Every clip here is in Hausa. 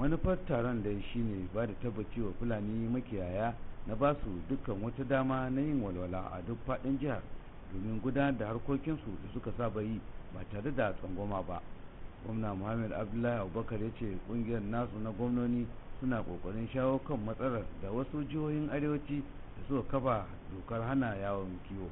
manufar taron da shi ne ba da tabbaci wa fulani makiyaya na ba su dukkan wata dama na yin walwala a duk faɗin jihar domin gudanar da harkokinsu da suka saba yi ba tare da tsangwama ba gwamna muhammad abdullahi abubakar ya ce kungiyar nasu na gwamnoni suna kokarin shawo kan matsalar da wasu jihohin arewaci da suka kafa dokar hana yawon kiwo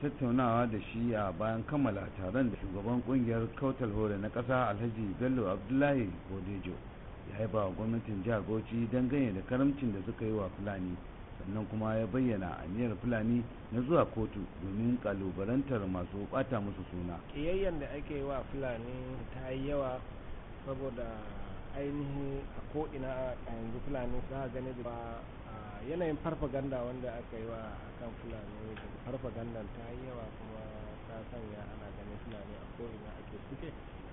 tattaunawa da shi a bayan kammala taron da shugaban kungiyar kautal hore na kasa alhaji bello abdullahi bodejo ya yi ba gwamnatin jihar bauchi ganye da karamcin da suka yi wa fulani sannan kuma ya bayyana a aniyar fulani na zuwa kotu domin kalubalantar masu bata musu suna kiyayyen da ake yi wa fulani ta yi yawa saboda ainihin a ko'ina a yanzu fulani sa gani ba yanayin farfaganda wanda aka yi wa akan fulani daga farfagandan ta yi yawa kuma ta sanya ana ganin fulani a ko'ina ake suke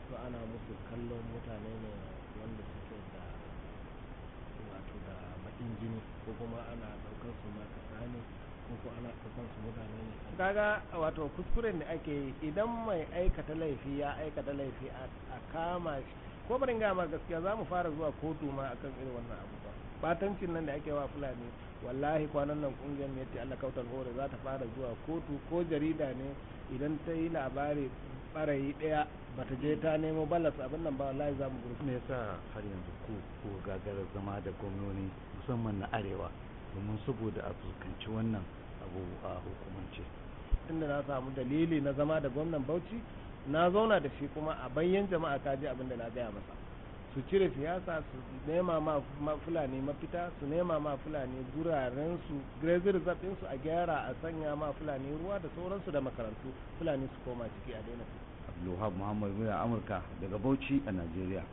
to ana musu kallon mutane ne wanda suke da wato da baƙin jini ko kuma ana ɗaukar su makasa ne ko ko ana ɗaukar su mutane ne kaga wato kuskuren da ake yi idan mai aikata laifi ya aikata laifi a kama shi ko bari ga ma gaskiya za mu fara zuwa kotu ma akan irin wannan abu ba batancin nan da ake wa fulani wallahi kwanan nan kungiyar ne ce Allah kautar hore za ta fara zuwa kotu ko jarida ne idan ta yi labari barayi daya bata je ta nemo balas abin nan ba wallahi za mu gurfi me yasa har yanzu ko ku gagara zama da gwamnoni musamman na arewa domin saboda a fuskanci wannan abu a hukumance inda na samu dalili na zama da gwamnan Bauchi na zauna da shi kuma a bayyan jama'a ka ji abin da na gaya masa su cire siyasa su nema ma fulani mafita su nema ma fulani guraren su grazing su a gyara a sanya ma fulani ruwa da sauransu da makarantu fulani su koma ciki a daina su Abdullahi muhammad muna amurka daga bauchi a najeriya